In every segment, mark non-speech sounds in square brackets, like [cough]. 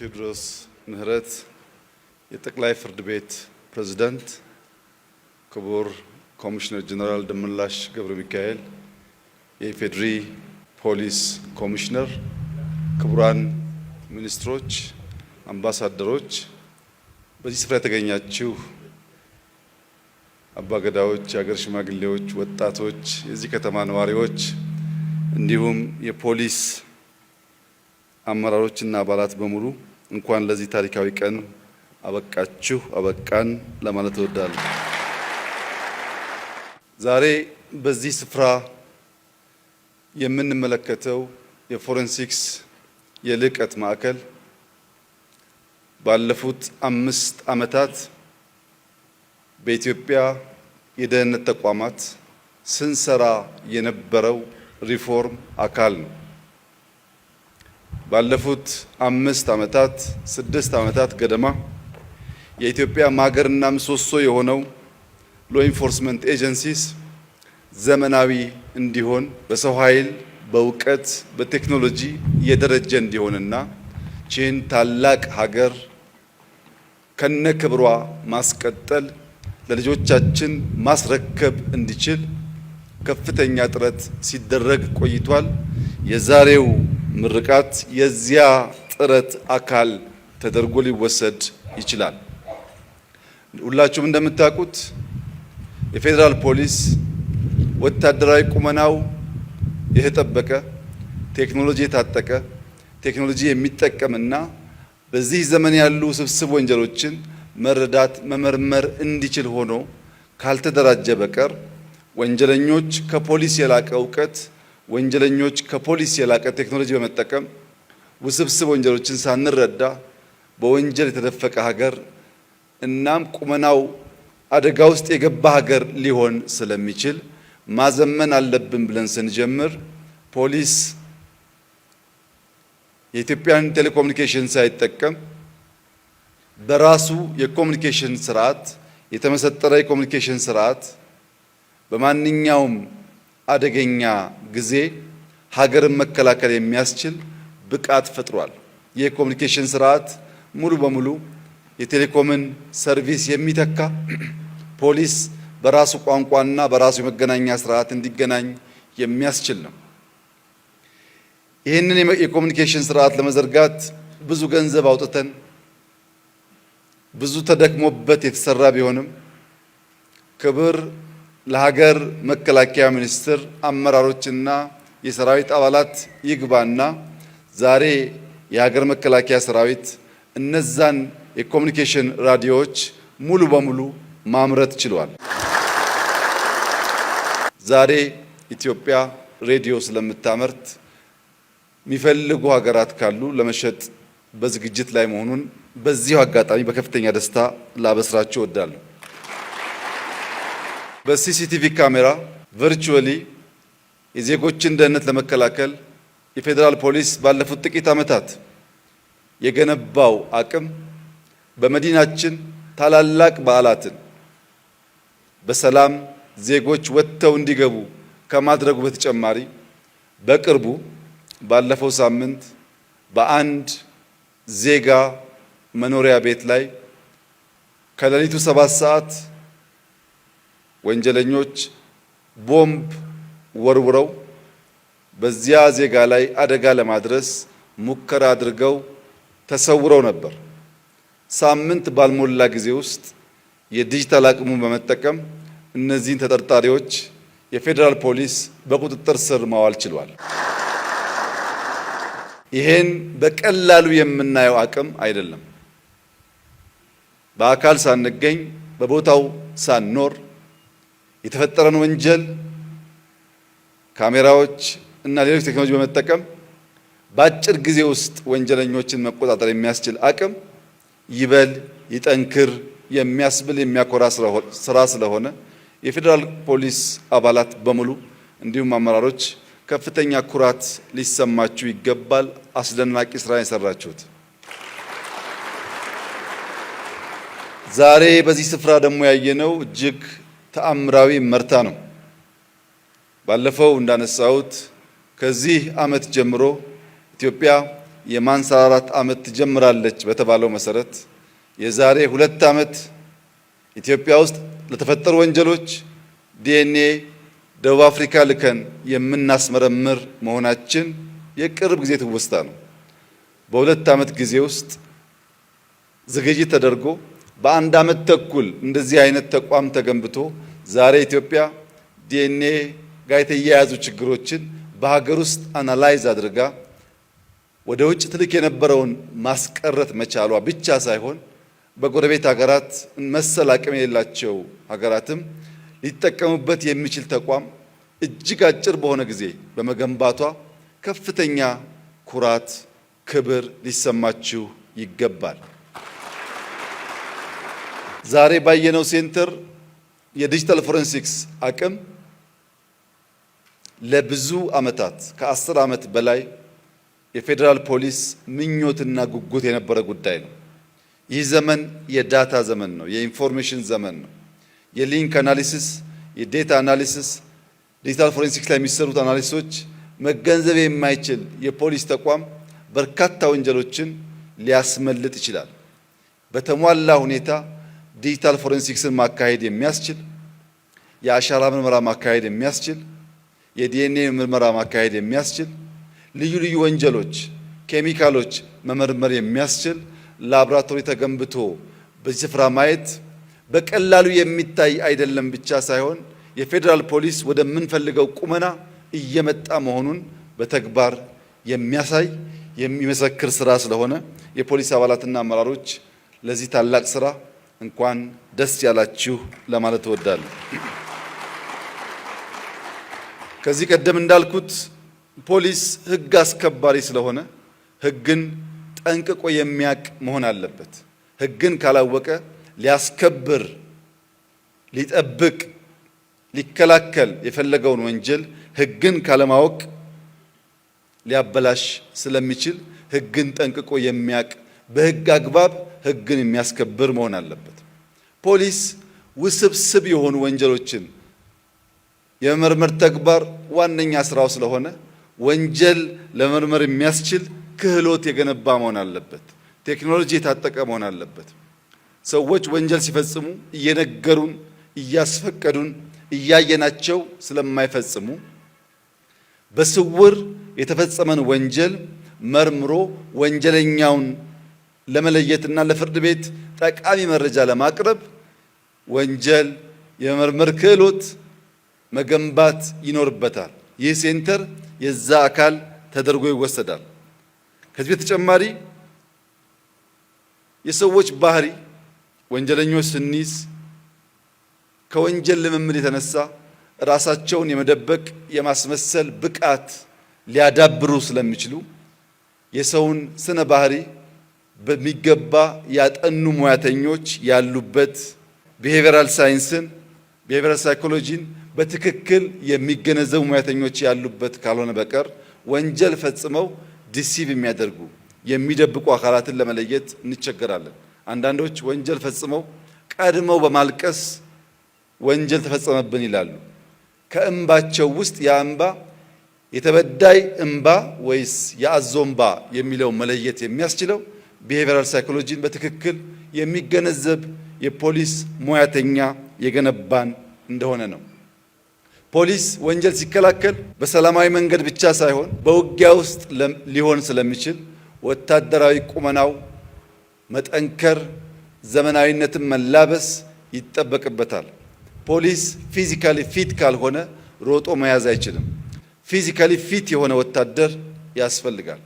ቴዎድሮስ ምህረት የጠቅላይ ፍርድ ቤት ፕሬዝዳንት፣ ክቡር ኮሚሽነር ጀነራል ደመላሽ ገብረ ሚካኤል የኢፌዴሪ ፖሊስ ኮሚሽነር፣ ክቡራን ሚኒስትሮች፣ አምባሳደሮች፣ በዚህ ስፍራ የተገኛችሁ አባገዳዎች፣ የሀገር ሽማግሌዎች፣ ወጣቶች፣ የዚህ ከተማ ነዋሪዎች እንዲሁም የፖሊስ አመራሮች እና አባላት በሙሉ እንኳን ለዚህ ታሪካዊ ቀን አበቃችሁ አበቃን ለማለት እወዳለሁ። ዛሬ በዚህ ስፍራ የምንመለከተው የፎረንሲክስ የልዕቀት ማዕከል ባለፉት አምስት ዓመታት በኢትዮጵያ የደህንነት ተቋማት ስንሰራ የነበረው ሪፎርም አካል ነው። ባለፉት አምስት ዓመታት ስድስት ዓመታት ገደማ የኢትዮጵያ ማገርና ምሰሶ የሆነው ሎ ኢንፎርስመንት ኤጀንሲስ ዘመናዊ እንዲሆን በሰው ኃይል፣ በእውቀት፣ በቴክኖሎጂ እየደረጀ እንዲሆንና ቺን ታላቅ ሀገር ከነ ክብሯ ማስቀጠል ለልጆቻችን ማስረከብ እንዲችል ከፍተኛ ጥረት ሲደረግ ቆይቷል። የዛሬው ምርቃት የዚያ ጥረት አካል ተደርጎ ሊወሰድ ይችላል። ሁላችሁም እንደምታውቁት የፌዴራል ፖሊስ ወታደራዊ ቁመናው የተጠበቀ ቴክኖሎጂ የታጠቀ ቴክኖሎጂ የሚጠቀምና በዚህ ዘመን ያሉ ስብስብ ወንጀሎችን መረዳት መመርመር እንዲችል ሆኖ ካልተደራጀ በቀር ወንጀለኞች ከፖሊስ የላቀ እውቀት ወንጀለኞች ከፖሊስ የላቀ ቴክኖሎጂ በመጠቀም ውስብስብ ወንጀሎችን ሳንረዳ በወንጀል የተደፈቀ ሀገር እናም ቁመናው አደጋ ውስጥ የገባ ሀገር ሊሆን ስለሚችል ማዘመን አለብን ብለን ስንጀምር ፖሊስ የኢትዮጵያን ቴሌኮሙኒኬሽን ሳይጠቀም በራሱ የኮሙኒኬሽን ስርዓት የተመሰጠረ የኮሙኒኬሽን ስርዓት በማንኛውም አደገኛ ጊዜ ሀገርን መከላከል የሚያስችል ብቃት ፈጥሯል። የኮሚኒኬሽን ስርዓት ሙሉ በሙሉ የቴሌኮምን ሰርቪስ የሚተካ [clears throat] ፖሊስ በራሱ ቋንቋና በራሱ የመገናኛ ስርዓት እንዲገናኝ የሚያስችል ነው። ይህንን የኮሚኒኬሽን ስርዓት ለመዘርጋት ብዙ ገንዘብ አውጥተን ብዙ ተደክሞበት የተሰራ ቢሆንም ክብር ለሀገር መከላከያ ሚኒስቴር አመራሮችና የሰራዊት አባላት ይግባና ዛሬ የሀገር መከላከያ ሰራዊት እነዛን የኮሚኒኬሽን ራዲዮዎች ሙሉ በሙሉ ማምረት ችሏል። ዛሬ ኢትዮጵያ ሬዲዮ ስለምታመርት የሚፈልጉ ሀገራት ካሉ ለመሸጥ በዝግጅት ላይ መሆኑን በዚሁ አጋጣሚ በከፍተኛ ደስታ ላበስራችሁ እወዳለሁ። በሲሲቲቪ ካሜራ ቨርቹዋሊ የዜጎችን ደህንነት ለመከላከል የፌዴራል ፖሊስ ባለፉት ጥቂት ዓመታት የገነባው አቅም በመዲናችን ታላላቅ በዓላትን በሰላም ዜጎች ወጥተው እንዲገቡ ከማድረጉ በተጨማሪ በቅርቡ ባለፈው ሳምንት በአንድ ዜጋ መኖሪያ ቤት ላይ ከሌሊቱ ሰባት ሰዓት ወንጀለኞች ቦምብ ወርውረው በዚያ ዜጋ ላይ አደጋ ለማድረስ ሙከራ አድርገው ተሰውረው ነበር። ሳምንት ባልሞላ ጊዜ ውስጥ የዲጂታል አቅሙን በመጠቀም እነዚህን ተጠርጣሪዎች የፌዴራል ፖሊስ በቁጥጥር ስር ማዋል ችሏል። ይሄን በቀላሉ የምናየው አቅም አይደለም። በአካል ሳንገኝ በቦታው ሳንኖር የተፈጠረን ወንጀል ካሜራዎች እና ሌሎች ቴክኖሎጂ በመጠቀም በአጭር ጊዜ ውስጥ ወንጀለኞችን መቆጣጠር የሚያስችል አቅም ይበል ይጠንክር የሚያስብል የሚያኮራ ስራ ስለሆነ የፌዴራል ፖሊስ አባላት በሙሉ እንዲሁም አመራሮች ከፍተኛ ኩራት ሊሰማችሁ ይገባል። አስደናቂ ስራ የሰራችሁት። ዛሬ በዚህ ስፍራ ደግሞ ያየነው እጅግ ተአምራዊ መርታ ነው። ባለፈው እንዳነሳሁት ከዚህ ዓመት ጀምሮ ኢትዮጵያ የማንሰራራት ዓመት ትጀምራለች በተባለው መሰረት የዛሬ ሁለት ዓመት ኢትዮጵያ ውስጥ ለተፈጠሩ ወንጀሎች ዲኤንኤ ደቡብ አፍሪካ ልከን የምናስመረምር መሆናችን የቅርብ ጊዜ ትውስታ ነው። በሁለት ዓመት ጊዜ ውስጥ ዝግጅት ተደርጎ በአንድ ዓመት ተኩል እንደዚህ አይነት ተቋም ተገንብቶ ዛሬ ኢትዮጵያ ዲኤንኤ ጋር የተያያዙ ችግሮችን በሀገር ውስጥ አናላይዝ አድርጋ ወደ ውጭ ትልቅ የነበረውን ማስቀረት መቻሏ ብቻ ሳይሆን በጎረቤት ሀገራት መሰል አቅም የሌላቸው ሀገራትም ሊጠቀሙበት የሚችል ተቋም እጅግ አጭር በሆነ ጊዜ በመገንባቷ ከፍተኛ ኩራት፣ ክብር ሊሰማችሁ ይገባል። ዛሬ ባየነው ሴንተር የዲጂታል ፎረንሲክስ አቅም ለብዙ ዓመታት ከአስር ዓመት በላይ የፌዴራል ፖሊስ ምኞትና ጉጉት የነበረ ጉዳይ ነው። ይህ ዘመን የዳታ ዘመን ነው። የኢንፎርሜሽን ዘመን ነው። የሊንክ አናሊሲስ፣ የዴታ አናሊሲስ፣ ዲጂታል ፎረንሲክስ ላይ የሚሰሩት አናሊሲሶች መገንዘብ የማይችል የፖሊስ ተቋም በርካታ ወንጀሎችን ሊያስመልጥ ይችላል። በተሟላ ሁኔታ ዲጂታል ፎረንሲክስን ማካሄድ የሚያስችል የአሻራ ምርመራ ማካሄድ የሚያስችል የዲኤንኤ ምርመራ ማካሄድ የሚያስችል ልዩ ልዩ ወንጀሎች፣ ኬሚካሎች መመርመር የሚያስችል ላብራቶሪ ተገንብቶ በዚህ ስፍራ ማየት በቀላሉ የሚታይ አይደለም ብቻ ሳይሆን የፌዴራል ፖሊስ ወደምንፈልገው ቁመና እየመጣ መሆኑን በተግባር የሚያሳይ የሚመሰክር ስራ ስለሆነ የፖሊስ አባላትና አመራሮች ለዚህ ታላቅ ስራ እንኳን ደስ ያላችሁ ለማለት እወዳለሁ። ከዚህ ቀደም እንዳልኩት ፖሊስ ሕግ አስከባሪ ስለሆነ ሕግን ጠንቅቆ የሚያውቅ መሆን አለበት። ሕግን ካላወቀ ሊያስከብር፣ ሊጠብቅ፣ ሊከላከል የፈለገውን ወንጀል ሕግን ካለማወቅ ሊያበላሽ ስለሚችል ሕግን ጠንቅቆ የሚያውቅ በህግ አግባብ ህግን የሚያስከብር መሆን አለበት። ፖሊስ ውስብስብ የሆኑ ወንጀሎችን የመመርመር ተግባር ዋነኛ ስራው ስለሆነ ወንጀል ለመመርመር የሚያስችል ክህሎት የገነባ መሆን አለበት። ቴክኖሎጂ የታጠቀ መሆን አለበት። ሰዎች ወንጀል ሲፈጽሙ እየነገሩን፣ እያስፈቀዱን፣ እያየናቸው ስለማይፈጽሙ በስውር የተፈጸመን ወንጀል መርምሮ ወንጀለኛውን ለመለየትና ለፍርድ ቤት ጠቃሚ መረጃ ለማቅረብ ወንጀል የመርመር ክህሎት መገንባት ይኖርበታል። ይህ ሴንተር የዛ አካል ተደርጎ ይወሰዳል። ከዚህ በተጨማሪ የሰዎች ባህሪ ወንጀለኞች ስንይዝ ከወንጀል ልምምድ የተነሳ ራሳቸውን የመደበቅ የማስመሰል ብቃት ሊያዳብሩ ስለሚችሉ የሰውን ስነ ባህሪ በሚገባ ያጠኑ ሙያተኞች ያሉበት ቢሄቪራል ሳይንስን ቢሄቪራል ሳይኮሎጂን በትክክል የሚገነዘቡ ሙያተኞች ያሉበት ካልሆነ በቀር ወንጀል ፈጽመው ዲሲቭ የሚያደርጉ የሚደብቁ አካላትን ለመለየት እንቸገራለን። አንዳንዶች ወንጀል ፈጽመው ቀድመው በማልቀስ ወንጀል ተፈጸመብን ይላሉ። ከእንባቸው ውስጥ ያ እንባ የተበዳይ እንባ ወይስ የአዞ እንባ የሚለው መለየት የሚያስችለው ቢሄቨራል ሳይኮሎጂን በትክክል የሚገነዘብ የፖሊስ ሙያተኛ የገነባን እንደሆነ ነው። ፖሊስ ወንጀል ሲከላከል በሰላማዊ መንገድ ብቻ ሳይሆን በውጊያ ውስጥ ሊሆን ስለሚችል ወታደራዊ ቁመናው መጠንከር፣ ዘመናዊነትን መላበስ ይጠበቅበታል። ፖሊስ ፊዚካሊ ፊት ካልሆነ ሮጦ መያዝ አይችልም። ፊዚካሊ ፊት የሆነ ወታደር ያስፈልጋል።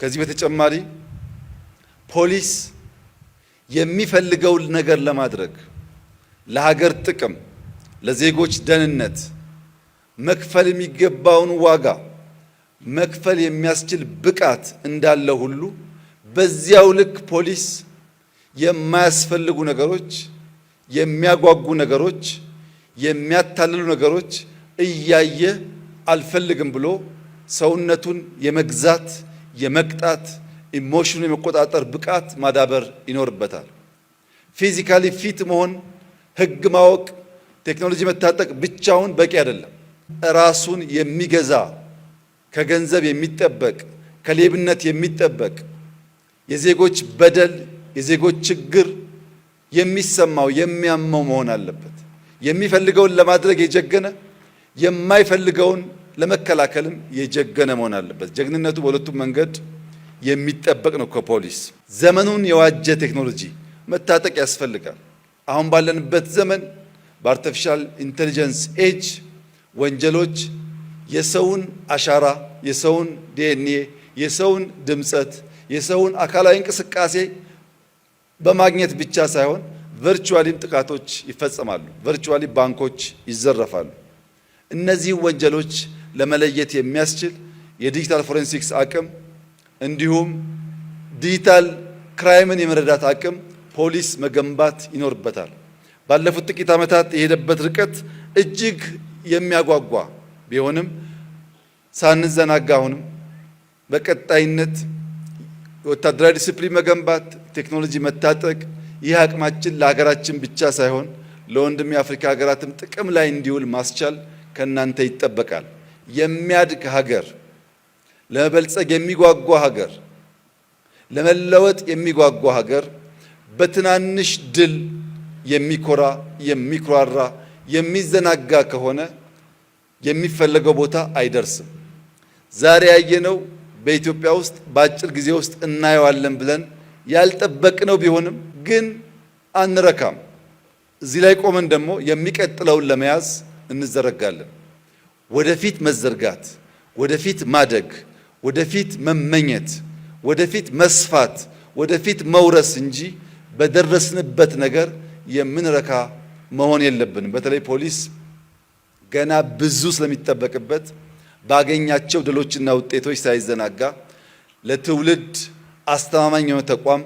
ከዚህ በተጨማሪ ፖሊስ የሚፈልገውን ነገር ለማድረግ ለሀገር ጥቅም፣ ለዜጎች ደህንነት መክፈል የሚገባውን ዋጋ መክፈል የሚያስችል ብቃት እንዳለ ሁሉ በዚያው ልክ ፖሊስ የማያስፈልጉ ነገሮች፣ የሚያጓጉ ነገሮች፣ የሚያታልሉ ነገሮች እያየ አልፈልግም ብሎ ሰውነቱን የመግዛት የመቅጣት ኢሞሽኑ የመቆጣጠር ብቃት ማዳበር ይኖርበታል። ፊዚካሊ ፊት መሆን፣ ህግ ማወቅ፣ ቴክኖሎጂ መታጠቅ ብቻውን በቂ አይደለም። ራሱን የሚገዛ ከገንዘብ የሚጠበቅ ከሌብነት የሚጠበቅ የዜጎች በደል የዜጎች ችግር የሚሰማው የሚያመው መሆን አለበት። የሚፈልገውን ለማድረግ የጀገነ የማይፈልገውን ለመከላከልም የጀገነ መሆን አለበት። ጀግንነቱ በሁለቱም መንገድ የሚጠበቅ ነው ከፖሊስ። ዘመኑን የዋጀ ቴክኖሎጂ መታጠቅ ያስፈልጋል። አሁን ባለንበት ዘመን በአርቲፊሻል ኢንቴሊጀንስ ኤጅ ወንጀሎች የሰውን አሻራ፣ የሰውን ዲኤንኤ፣ የሰውን ድምፀት፣ የሰውን አካላዊ እንቅስቃሴ በማግኘት ብቻ ሳይሆን ቨርቹዋሊም ጥቃቶች ይፈጸማሉ። ቨርቹዋሊ ባንኮች ይዘረፋሉ። እነዚህ ወንጀሎች ለመለየት የሚያስችል የዲጂታል ፎሬንሲክስ አቅም እንዲሁም ዲጂታል ክራይምን የመረዳት አቅም ፖሊስ መገንባት ይኖርበታል። ባለፉት ጥቂት ዓመታት የሄደበት ርቀት እጅግ የሚያጓጓ ቢሆንም ሳንዘናጋ አሁንም በቀጣይነት ወታደራዊ ዲስፕሊን መገንባት፣ ቴክኖሎጂ መታጠቅ፣ ይህ አቅማችን ለሀገራችን ብቻ ሳይሆን ለወንድም የአፍሪካ ሀገራትም ጥቅም ላይ እንዲውል ማስቻል ከእናንተ ይጠበቃል። የሚያድግ ሀገር ለመበልጸግ የሚጓጓ ሀገር፣ ለመለወጥ የሚጓጓ ሀገር፣ በትናንሽ ድል የሚኮራ የሚኩራራ የሚዘናጋ ከሆነ የሚፈለገው ቦታ አይደርስም። ዛሬ ያየነው በኢትዮጵያ ውስጥ በአጭር ጊዜ ውስጥ እናየዋለን ብለን ያልጠበቅነው ቢሆንም ግን አንረካም። እዚህ ላይ ቆመን ደግሞ የሚቀጥለውን ለመያዝ እንዘረጋለን። ወደፊት መዘርጋት፣ ወደፊት ማደግ ወደፊት መመኘት፣ ወደፊት መስፋት፣ ወደፊት መውረስ እንጂ በደረስንበት ነገር የምንረካ መሆን የለብንም። በተለይ ፖሊስ ገና ብዙ ስለሚጠበቅበት ባገኛቸው ድሎችና ውጤቶች ሳይዘናጋ ለትውልድ አስተማማኝ የሆነ ተቋም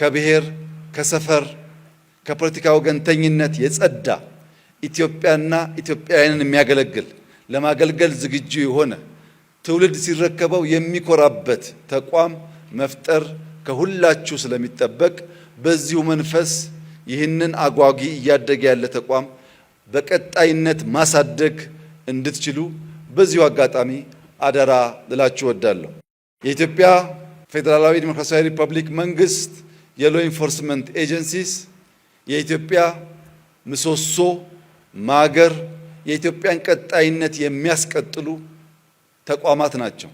ከብሔር፣ ከሰፈር፣ ከፖለቲካ ወገንተኝነት የጸዳ ኢትዮጵያና ኢትዮጵያውያንን የሚያገለግል ለማገልገል ዝግጁ የሆነ ትውልድ ሲረከበው የሚኮራበት ተቋም መፍጠር ከሁላችሁ ስለሚጠበቅ በዚሁ መንፈስ ይህንን አጓጊ እያደገ ያለ ተቋም በቀጣይነት ማሳደግ እንድትችሉ በዚሁ አጋጣሚ አደራ ልላችሁ እወዳለሁ። የኢትዮጵያ ፌዴራላዊ ዲሞክራሲያዊ ሪፐብሊክ መንግስት የሎ ኢንፎርስመንት ኤጀንሲስ የኢትዮጵያ ምሰሶ ማገር፣ የኢትዮጵያን ቀጣይነት የሚያስቀጥሉ ተቋማት ናቸው።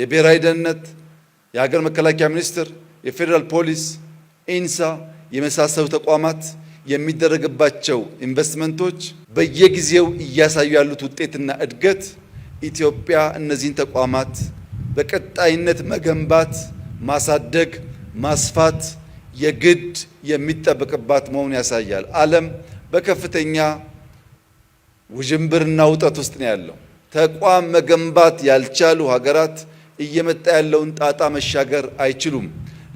የብሔራዊ ደህንነት፣ የሀገር መከላከያ ሚኒስቴር፣ የፌዴራል ፖሊስ፣ ኢንሳ የመሳሰሉ ተቋማት የሚደረግባቸው ኢንቨስትመንቶች በየጊዜው እያሳዩ ያሉት ውጤትና እድገት ኢትዮጵያ እነዚህን ተቋማት በቀጣይነት መገንባት፣ ማሳደግ፣ ማስፋት የግድ የሚጠበቅባት መሆኑን ያሳያል። ዓለም በከፍተኛ ውዥንብርና ውጠት ውስጥ ነው ያለው። ተቋም መገንባት ያልቻሉ ሀገራት እየመጣ ያለውን ጣጣ መሻገር አይችሉም።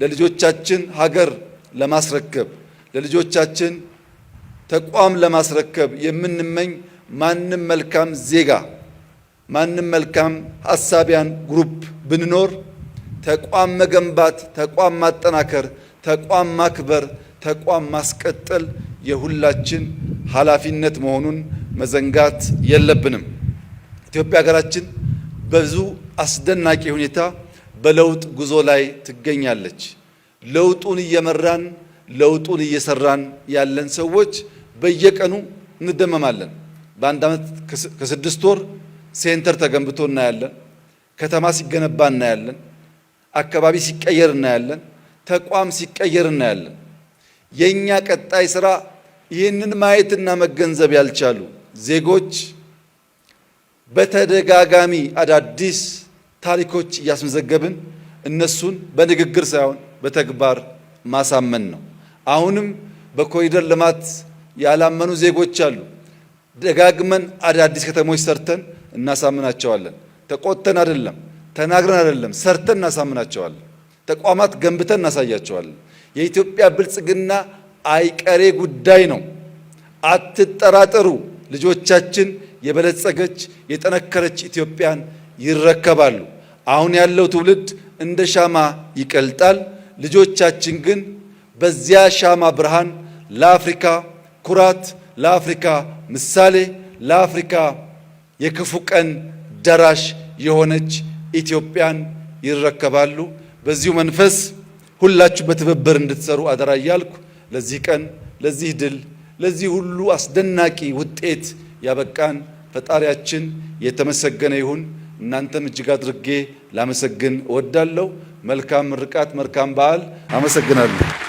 ለልጆቻችን ሀገር ለማስረከብ ለልጆቻችን ተቋም ለማስረከብ የምንመኝ ማንም መልካም ዜጋ ማንም መልካም ሀሳቢያን ግሩፕ ብንኖር ተቋም መገንባት፣ ተቋም ማጠናከር፣ ተቋም ማክበር፣ ተቋም ማስቀጠል የሁላችን ኃላፊነት መሆኑን መዘንጋት የለብንም። ኢትዮጵያ ሀገራችን በብዙ አስደናቂ ሁኔታ በለውጥ ጉዞ ላይ ትገኛለች። ለውጡን እየመራን ለውጡን እየሰራን ያለን ሰዎች በየቀኑ እንደመማለን። በአንድ ዓመት ከስድስት ወር ሴንተር ተገንብቶ እናያለን። ከተማ ሲገነባ እናያለን። አካባቢ ሲቀየር እናያለን። ተቋም ሲቀየር እናያለን። የእኛ ቀጣይ ስራ ይህንን ማየትና መገንዘብ ያልቻሉ ዜጎች በተደጋጋሚ አዳዲስ ታሪኮች እያስመዘገብን እነሱን በንግግር ሳይሆን በተግባር ማሳመን ነው። አሁንም በኮሪደር ልማት ያላመኑ ዜጎች አሉ። ደጋግመን አዳዲስ ከተሞች ሰርተን እናሳምናቸዋለን። ተቆጥተን አይደለም፣ ተናግረን አይደለም፣ ሰርተን እናሳምናቸዋለን። ተቋማት ገንብተን እናሳያቸዋለን። የኢትዮጵያ ብልጽግና አይቀሬ ጉዳይ ነው። አትጠራጠሩ ልጆቻችን የበለጸገች የጠነከረች ኢትዮጵያን ይረከባሉ። አሁን ያለው ትውልድ እንደ ሻማ ይቀልጣል። ልጆቻችን ግን በዚያ ሻማ ብርሃን ለአፍሪካ ኩራት፣ ለአፍሪካ ምሳሌ፣ ለአፍሪካ የክፉ ቀን ደራሽ የሆነች ኢትዮጵያን ይረከባሉ። በዚሁ መንፈስ ሁላችሁ በትብብር እንድትሰሩ አደራ እያልኩ ለዚህ ቀን፣ ለዚህ ድል፣ ለዚህ ሁሉ አስደናቂ ውጤት ያበቃን ፈጣሪያችን የተመሰገነ ይሁን። እናንተም እጅግ አድርጌ ላመሰግን እወዳለሁ። መልካም ምርቃት፣ መልካም በዓል። አመሰግናለሁ።